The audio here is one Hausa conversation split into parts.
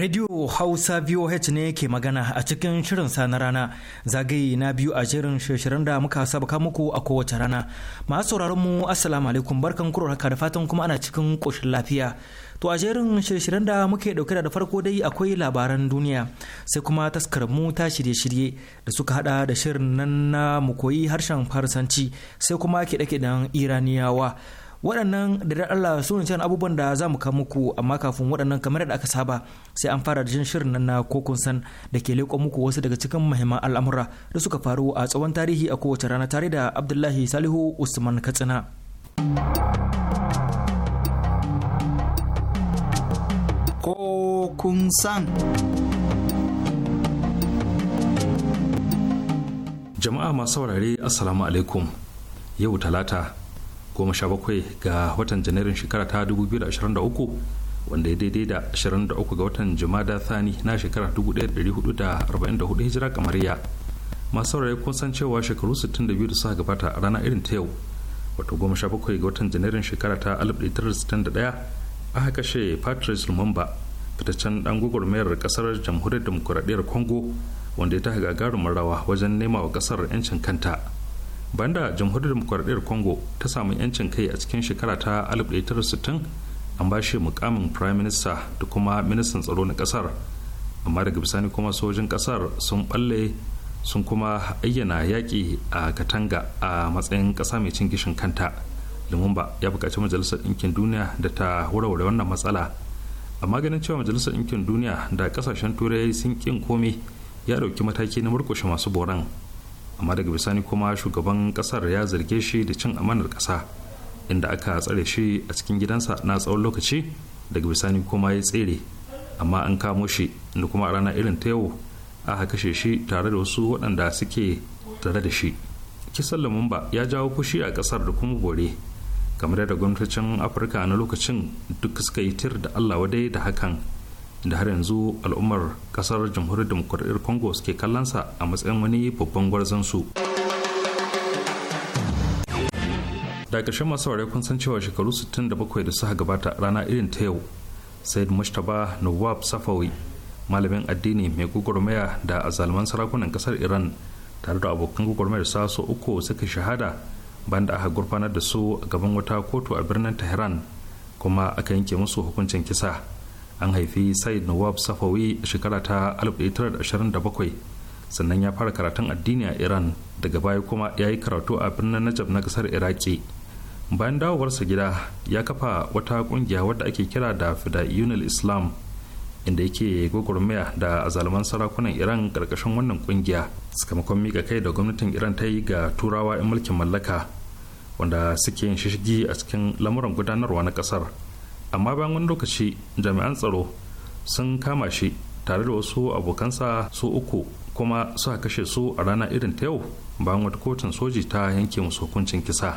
Radio Hausa VOH ne ke magana a cikin shirin sa na rana zagaye na biyu a shirin shirin da muka sabaka muku a kowace rana. Masu sauraron mu Assalamu alaikum barkan kuro haka da fatan kuma ana cikin koshin lafiya. To a jerin shirin da muke dauke da farko dai akwai labaran duniya sai kuma taskar mu ta shirye-shirye da suka hada da shirin nan na mu koyi harshen farsanci sai kuma kiɗe-kiɗen Iraniyawa waɗannan da Allah su ne can abubuwan da za mu kawo muku amma kafin waɗannan kamar da aka saba sai an fara da jin shirin nan na kokun san da ke leƙo muku wasu daga cikin muhimman al'amura da suka faru a tsawon tarihi a kowace rana tare da Abdullahi Salihu Usman Katsina. Kokun san. Jama'a masu saurare Assalamu alaikum. Yau talata goma sha bakwai ga watan janairun shekara ta 2023 wanda ya daidai da 23 ga watan jumada thani na shekara 1444 hijira kamariya masu saurari kun san cewa shekaru 62 da suka gabata a rana irin ta yau wato goma sha bakwai ga watan janairun shekara ta 1961 aka kashe patrice lumumba fitaccen dan gwagwarmayar kasar jamhuriyar demokuraɗiyyar congo wanda ya ta gagarumin rawa wajen nema wa kasar 'yancin kanta banda jamhuriyar demokuraɗiyar congo ta samu 'yancin kai a cikin shekara ta 1960 an ba shi mukamin prime minister da kuma ministan tsaro na kasar amma daga bisani kuma sojin kasar sun balle sun kuma ayyana yaƙi a katanga a matsayin ƙasa mai cin gishin kanta lumumba ya buƙaci majalisar ɗinkin duniya da ta warware wannan matsala amma ganin cewa majalisar ɗinkin duniya da ƙasashen turai sun ƙin komai ya ɗauki mataki na murkushe masu boran amma daga bisani kuma shugaban kasar ya zarge shi da cin amanar kasa inda aka tsare shi a cikin gidansa na tsawon lokaci daga bisani kuma ya tsere amma an kamo shi inda kuma a rana irin ta yau aka kashe shi tare da wasu waɗanda suke tare da shi kisan lumumba ya jawo fushi a ƙasar da kuma bore kamar da gwamnatocin afirka na lokacin duk suka yi tir da allah wadai da hakan da har yanzu al'ummar kasar jamhuriyar demokuraɗiyar congo suke kallonsa a matsayin wani babban gwarzon su da ƙarshen masu ware kun san cewa shekaru 67 da suka gabata rana irin ta yau said mustapha nawab safawi malamin addini mai gwagwarmaya da azalman sarakunan kasar iran tare da abokan gugurmaya sa su uku suka shahada banda aka gurfanar da su a gaban wata kotu a birnin tehran kuma aka yanke musu hukuncin kisa an haifi said nawab safawi shekara ta 1927 sannan ya fara karatun addini a iran daga baya kuma ya yi karatu a birnin najab na kasar iraki bayan dawowarsa gida ya kafa wata kungiya wadda ake kira da fida'iyunil islam inda yake gwagwarmaya da azalman sarakunan iran karkashin wannan kungiya sakamakon mika kai da gwamnatin iran ta yi ga turawa 'yan mulkin mallaka wanda suke yin shishigi a cikin lamuran gudanarwa na kasar amma bayan wani lokaci jami'an tsaro sun kama shi tare da wasu abokansa su uku kuma suka kashe su a rana irin ta yau bayan wata kotun soji ta yanke musu hukuncin kisa.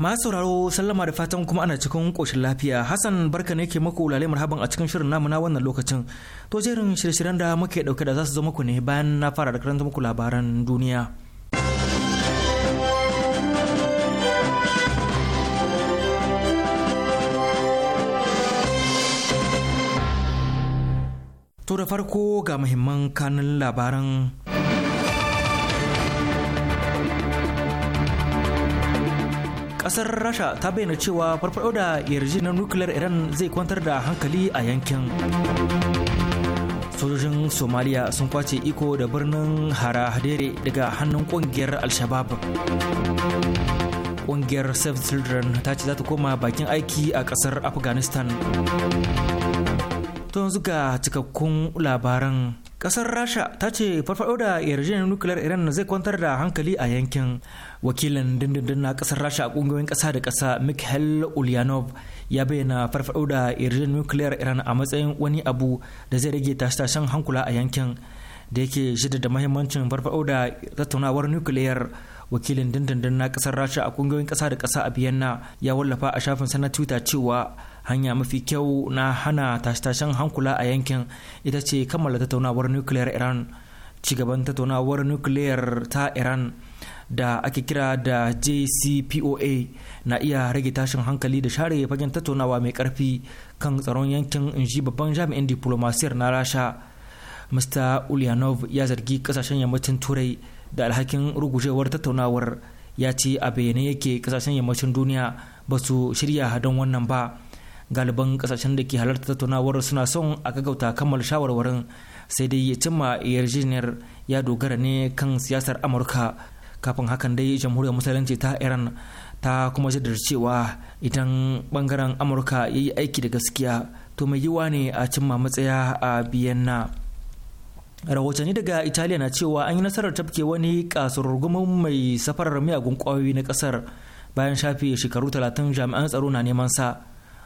ma sauraro sallama da fatan kuma ana cikin ƙoshin lafiya hassan barka ne ke muku lale marhaban a cikin shirin namu na wannan lokacin to jerin shirye-shiryen da muke dauke da za su zo muku ne bayan na fara da karanta muku labaran duniya to da farko ga muhimman kanun labaran kasar rasha ta bayyana cewa farfado da yarjejeniyar nukiliyar iran zai kwantar da hankali a yankin sojojin somaliya sun kwace iko da birnin harahadere daga hannun kungiyar alshabab. shabab kungiyar save children ta ce za ta koma bakin aiki a kasar afghanistan to yanzu ga cikakkun labaran kasar rasha ta ce farfado da yarjejeniyar nukiliyar iran zai kwantar da hankali a yankin wakilin dindindin na kasar rasha a kungiyoyin kasa da kasa mikhail ulyanov ya bayyana farfado da yarjejeniyar nukiliyar iran a matsayin wani abu da zai rage tashe-tashen hankula a yankin da yake shida da mahimmancin farfado da tattaunawar nukiliyar wakilin dindindin na kasar rasha a kungiyoyin kasa da kasa a biyanna ya wallafa a shafin na twitter cewa hanya mafi kyau na hana tashe-tashen hankula a yankin ita ce kammala tattaunawar nukiliyar iran cigaban tattaunawar nukiliyar ta iran da ake kira da jcpoa na iya rage tashin hankali da share fagen tattaunawa mai karfi kan tsaron yankin inji babban jami'in diplomasiyar na rasha mr ulyanov ya zargi kasashen yammacin turai da alhakin rugujewar tattaunawar ya ce a bayyane yake kasashen yammacin duniya ba su shirya don wannan ba galiban kasashen da ke halarta tattaunawar suna son a gaggauta kammal shawarwarin sai dai ya cimma yarjejeniyar ya dogara ne kan siyasar amurka kafin hakan dai jamhuriyar musulunci ta iran ta kuma jaddada cewa idan bangaren amurka ya yi aiki da gaskiya to mai yiwa ne a cimma matsaya a biyanna rahotanni daga italiya na cewa an yi nasarar tafke wani kasurgumin mai safarar miyagun kwayoyi na kasar bayan shafe shekaru talatin jami'an tsaro na neman sa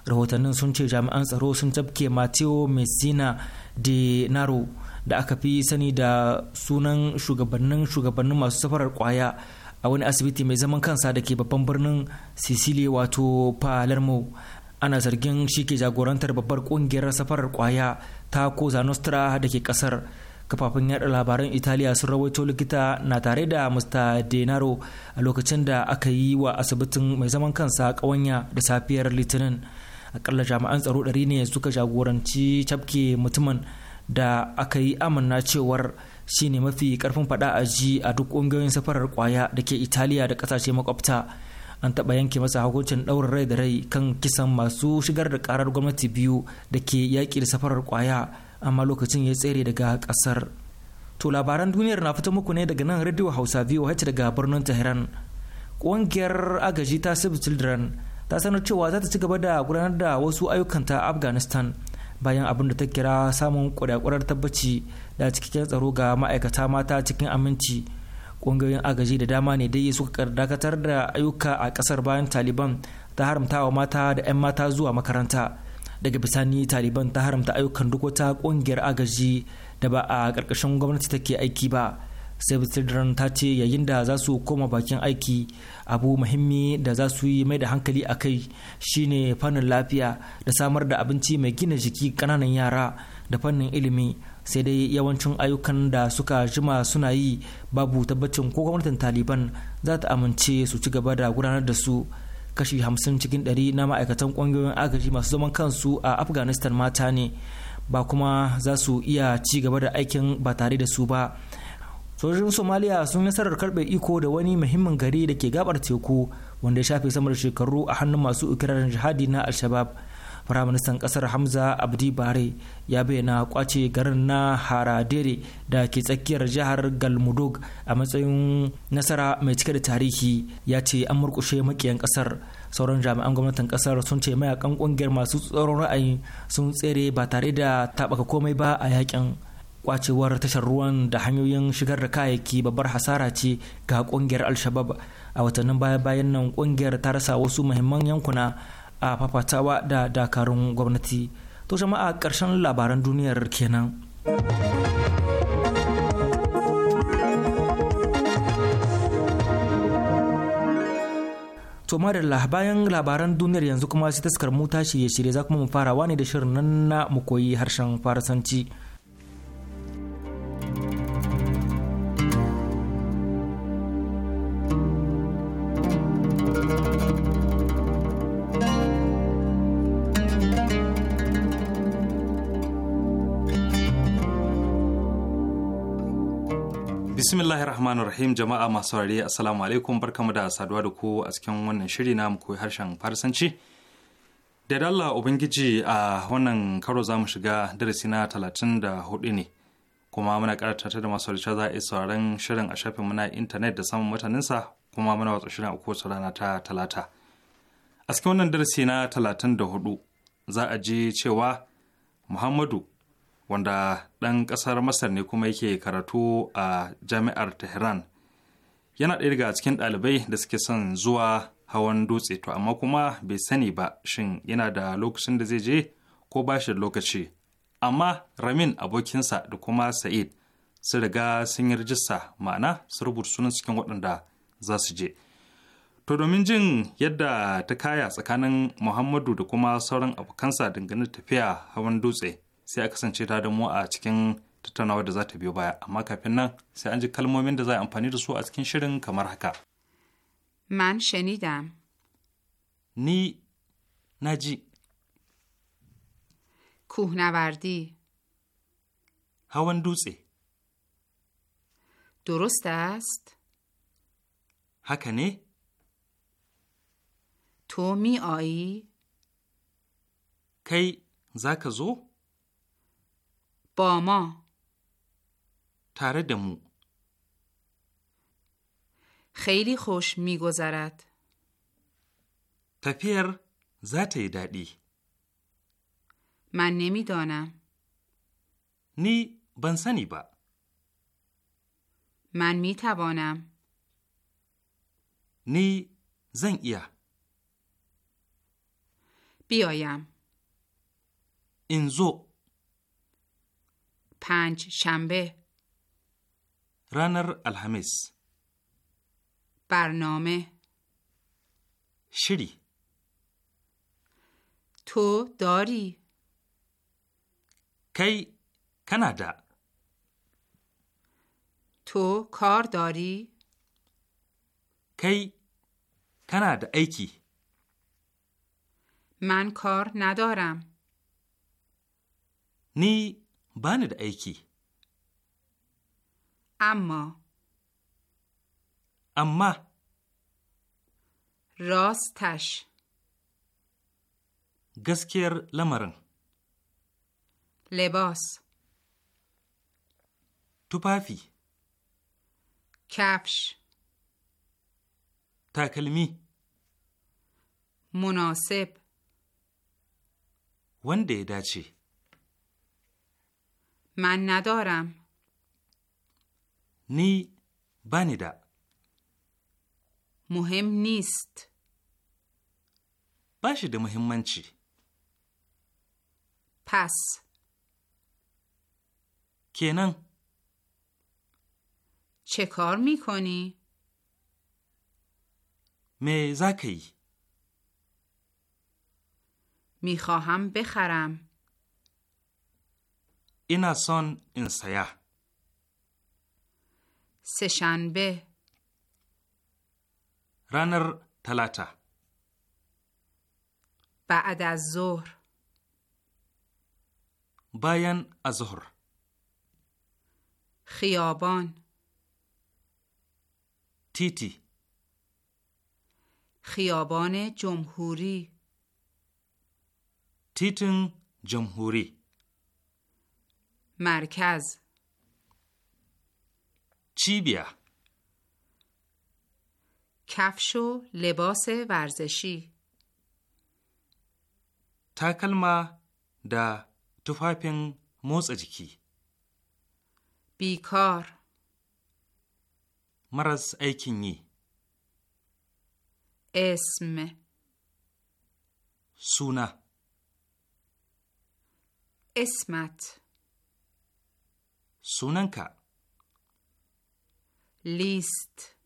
rahotannin sun ce jami'an tsaro sun tafke mateo messina de naro da aka fi sani da sunan shugabannin shugabannin masu safarar kwaya a wani asibiti mai zaman kansa da ke babban birnin sicily wato palermo ana zargin shi ke jagorantar babbar kungiyar safarar kwaya ta koza nostra da ke kasar kafafen yada labaran italiya sun rawaito likita na tare da mr denaro a lokacin da aka yi wa asibitin mai zaman kansa kawanya da safiyar litinin akalla jami'an tsaro ɗari ne suka jagoranci cafke mutumin da aka yi amanna cewar shine mafi karfin fada a ji a duk ƙungiyoyin safarar kwaya da ke italiya da ƙasashe makwabta an taɓa yanke masa hukuncin ɗaurin rai da rai kan kisan masu shigar da karar gwamnati biyu da ke yaƙi da safarar kwaya amma lokacin ya tsere daga kasar to labaran duniyar na fito muku ne daga nan radio hausa voh daga birnin tehran ƙungiyar agaji ta save children ta sanar cewa za ta ci gaba da gudanar da wasu ayyukan ta afghanistan bayan abin da ta kira samun kudakudar tabbaci da cikakken tsaro ga ma'aikata mata cikin aminci ƙungiyoyin agaji da dama ne dai suka dakatar da ayyuka a kasar bayan taliban ta haramta wa mata da 'yan mata zuwa makaranta daga bisani taliban ta haramta ayyukan duk wata kungiyar agaji da ba a ƙarƙashin gwamnati take aiki ba sai bisidiran ta ce yayin da za su koma bakin aiki abu muhimmi da za su yi mai da hankali a kai shine fannin lafiya da samar da abinci mai gina jiki kananan yara da fannin ilimi sai dai yawancin ayyukan da suka jima suna yi babu tabbacin ko gwamnatin taliban za ta amince su ci gaba da gudanar da su kashi hamsin cikin ɗari na ma'aikatan ƙungiyoyin agaji masu zaman kansu a afghanistan mata ne ba kuma za su iya ci gaba da aikin ba tare da su ba sojojin somaliya sun yi nasarar karbe iko da wani muhimmin gari da ke gabar teku wanda ya shafe sama da shekaru a hannun masu ikirarin jihadi na al-shabab firaministan kasar hamza abdi bare ya bayyana kwace garin na haradere da ke tsakiyar jihar galmudug a matsayin nasara mai cike da tarihi ya ce an murkushe makiyan kasar sauran jami'an gwamnatin kasar sun ce mayakan kungiyar masu tsaron ra'ayi sun tsere ba tare da taɓaka komai ba a yakin kwacewar tashar ruwan da hanyoyin shigar da kayayyaki babbar hasara ce ga kungiyar al-shabab a watannin baya-bayan nan kungiyar ta rasa wasu muhimman yankuna a fafatawa da dakarun gwamnati to jama'a ƙarshen labaran duniyar kenan to madalla bayan labaran duniyar yanzu kuma sai taskar mu ta shirye shirye za kuma mu farawa ne da shirin nan na mu koyi harshen farasanci Bismillahir Rahmanir Rahim jama'a masu saurare Assalamu alaikum barkamu da saduwa da ku a cikin wannan shiri na mu koyi harshen Farsanci. Da dalla Ubangiji a wannan karo za mu shiga darasi na talatin da hudu ne. Kuma muna ta da masu saurare za a yi sauraron shirin a shafin muna intanet da samun mutaninsa kuma muna watsa shirin a kowace rana ta talata. A cikin wannan darasi na talatin da hudu za a ji cewa Muhammadu wanda ɗan ƙasar masar ne kuma yake karatu a jami'ar tehran yana ɗaya daga cikin ɗalibai da suke son zuwa hawan dutse to amma kuma bai sani ba shin yana da lokacin da zai je ko ba shi lokaci amma ramin abokinsa da kuma sa'id sun riga sun yi rajista ma'ana su rubuta sunan cikin waɗanda za su je to domin jin yadda ta kaya tsakanin muhammadu da kuma sauran abokansa dangane tafiya hawan dutse sai a kasance ta damu a cikin tattaunawa da za ta biyo baya amma kafin nan sai an ji kalmomin da za a amfani da su a cikin shirin kamar haka. Man shanida. Ni naji. کوهنوردی hawan dutse درست است؟ هکنه؟ تو می آیی؟ کی زاک زو؟ با ما تره دمو خیلی خوش میگذرد تپیر ذات دادی من دانم نی بنسنی با من می توانم نی زن ایا بیایم انزو پنج شنبه رانر الحمیس برنامه شری تو داری کی کنادا؟ تو کار داری کی کانادا ایکی من کار ندارم نی ba ni da aiki. Amma. Amma. Rostash. Gaskiyar lamarin. Lebos. Tufafi. Kafsh. Takalmi. Munasib. Wanda ya dace. من ندارم نی بنیده مهم نیست باشه ده مهم من چی؟ پس کنن چه کار میکنی؟ می میخواهم بخرم اینا سان این سشنبه رانر تلاتا بعد از ظهر باین از ظهر خیابان تیتی خیابان جمهوری تیتن جمهوری مرکز چیبیا، کفش و لباس ورزشی تاکلما دا تفافین موز جیکی بیکار مرز ایکینی اسم سونا اسمت سوننکا لیست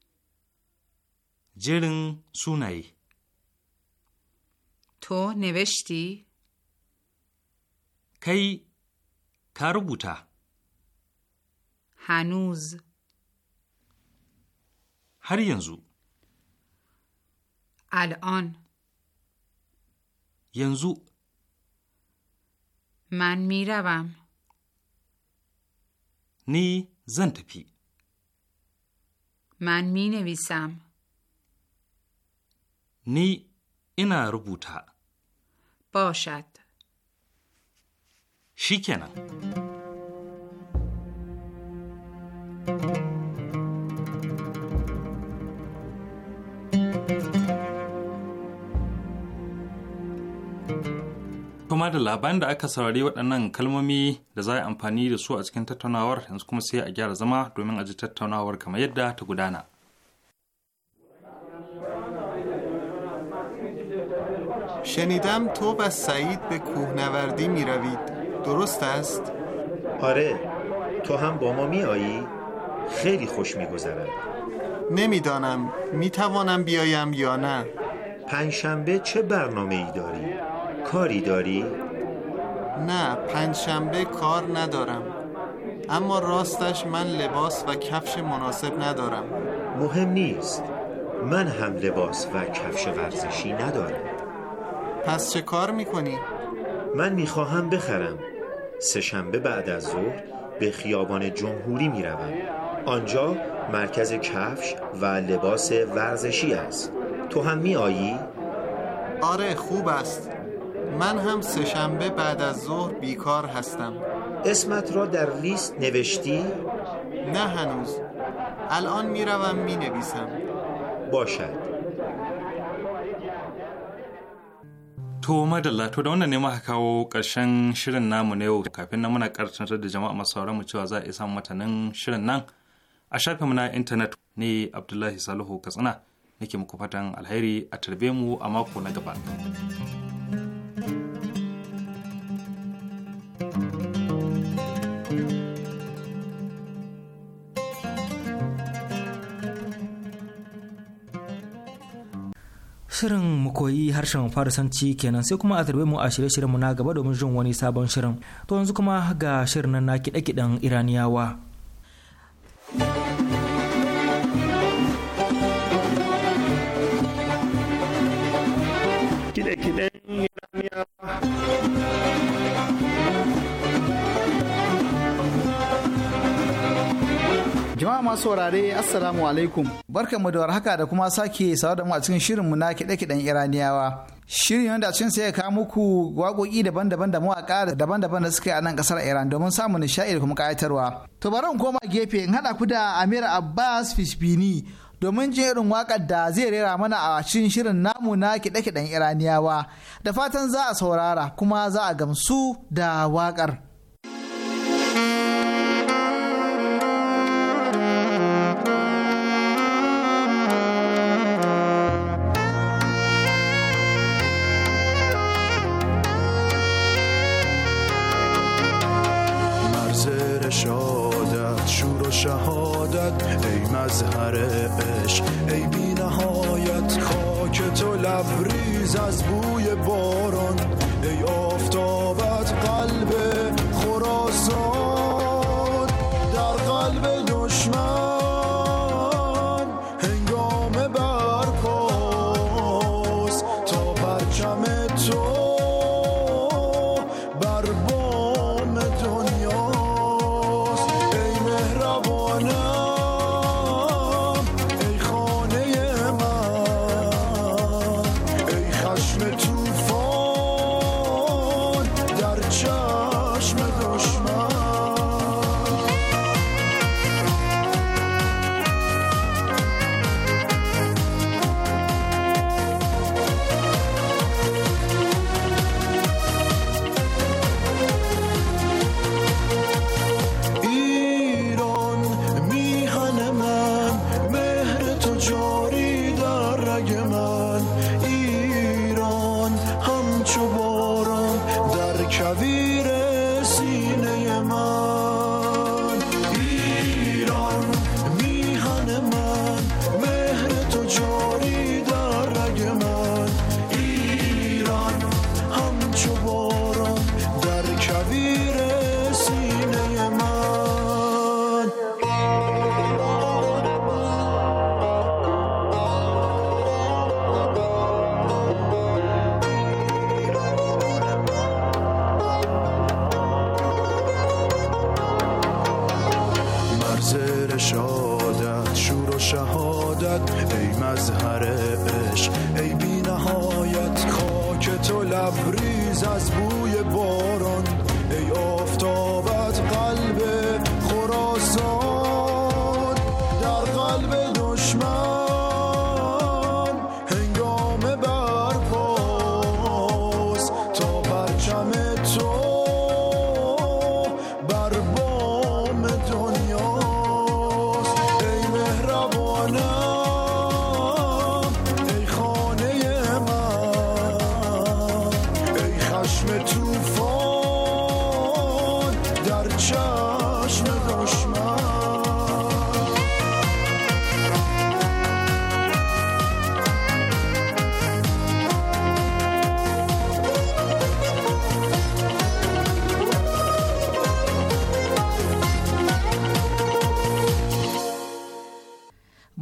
جرن سونای تو نوشتی؟ کی کارو بوتا هنوز هر ینزو الان ینزو من میروم نی زن تپی من می نویسم نی اینا روبوتا باشد شیکنم kuma da labarin da aka saurari waɗannan kalmomi da za a amfani da su a cikin tattaunawar yanzu kuma sai a gyara zama domin a ji tattaunawar kamar yadda ta gudana. شنیدم تو و سعید به کوهنوردی می روید درست است؟ آره تو هم با ما می آیی؟ خیلی خوش می گذرد نمیدانم می توانم بیایم یا نه پنجشنبه چه برنامه ای داری؟ کاری داری؟ نه پنجشنبه کار ندارم اما راستش من لباس و کفش مناسب ندارم مهم نیست من هم لباس و کفش ورزشی ندارم پس چه کار میکنی؟ من میخواهم بخرم سهشنبه بعد از ظهر به خیابان جمهوری میروم آنجا مرکز کفش و لباس ورزشی است تو هم میایی؟ آره خوب است من هم سهشنبه بعد از ظهر بیکار هستم اسمت را در لیست نوشتی؟ نه هنوز الان میروم می نویسم باشد To madalla to da wannan ne muka kawo ƙarshen shirin namu na yau kafin na muna ƙarshen da jama'a masu mu cewa za a iya samun matanin shirin nan a shafinmu na intanet ne Abdullahi Salihu Katsina nake muku fatan alheri a tarbe mu a mako na gaba. Shirin mu koyi harshen Farisanci kenan sai kuma a tarbe mu a shirye mu na gaba domin jin wani sabon shirin. To yanzu kuma ga shirin na kiɗe-kiɗen Iraniyawa. masu saurare assalamu alaikum barka mu da warhaka da kuma sake sawa da mu a cikin shirinmu na kiɗe-kiɗen iraniyawa shirin wanda cin sai ya kawo muku waƙoƙi daban-daban da mawaƙa daban-daban da suka yi a nan ƙasar iran domin samun nishaɗi da kuma ƙayatarwa to bari in koma gefe in haɗa ku da amir abbas fishbini domin jin irin waƙar da zai rera mana a cikin shirin namu na kiɗe-kiɗen iraniyawa da fatan za a saurara kuma za a gamsu da waƙar.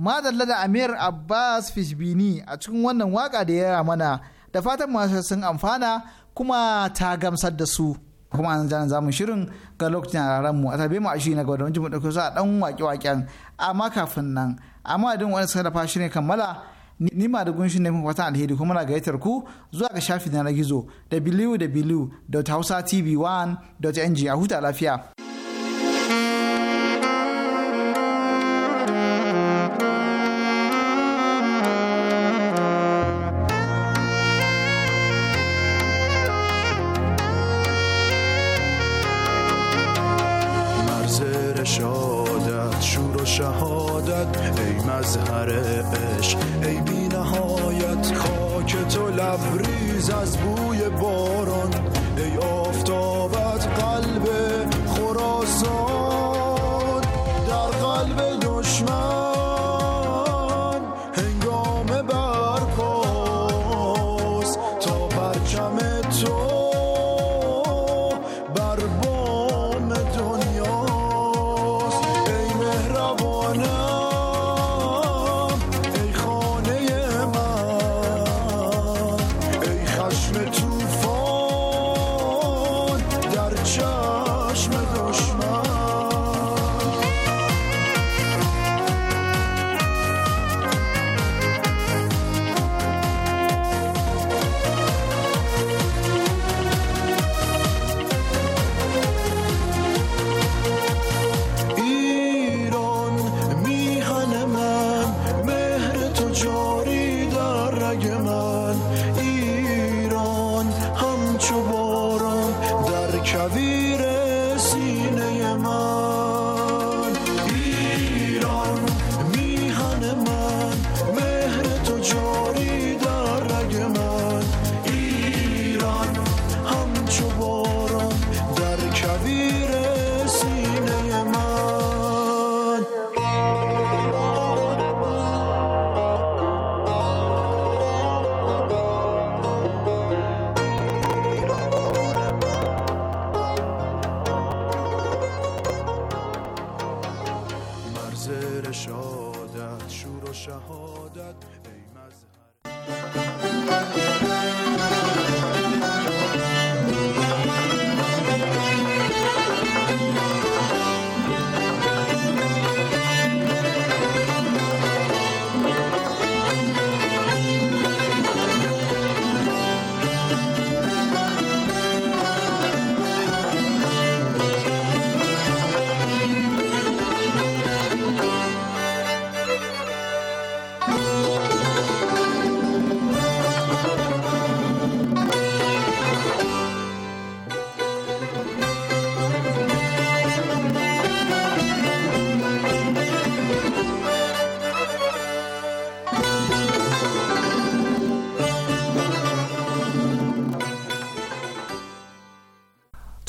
madalla da amir abbas fishbini a cikin wannan waka da ya mana da fatan masu sun amfana kuma ta gamsar da su kuma an zana zamu shirin ga lokacin yaran mu a tabe mu a shi na gaba da wani mu dauke su a dan wake waken amma kafin nan amma din wani suka dafa shi ne kammala ni ma da gunshin ne fatan alheri kuma na gayyatar ku zuwa ga shafi na gizo tv 1ng a huta lafiya. ای مظهر اش ای بی نهایت خاک تو لبریز از بوی باران ای آفتابت قلب خراسان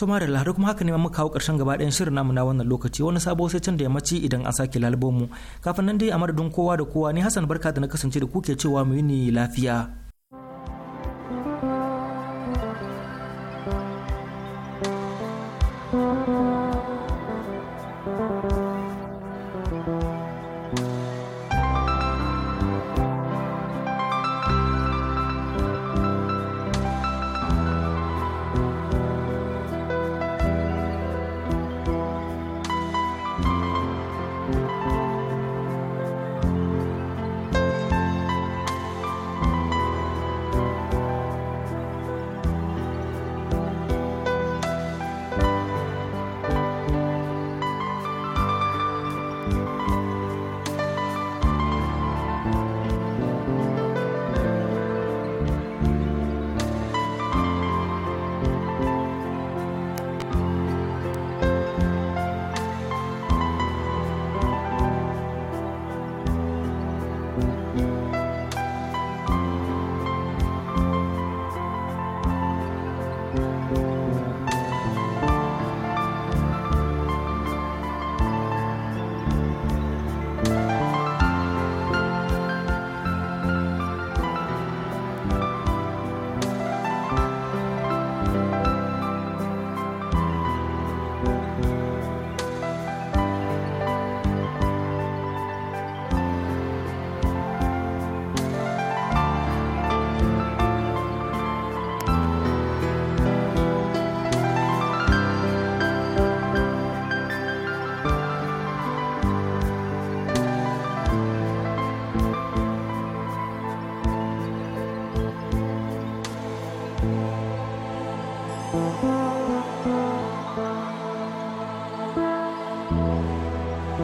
kuma mara kuma haka ne muka kawo karshen gaba ɗayan shirin namu na wannan lokaci wani sabo sai can da yammaci idan an sake lalbo mu kafin nan dai a madadin kowa da kowa ne Hassan barka da na kasance da kuke cewa mu yi ni lafiya. Thank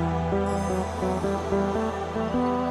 you.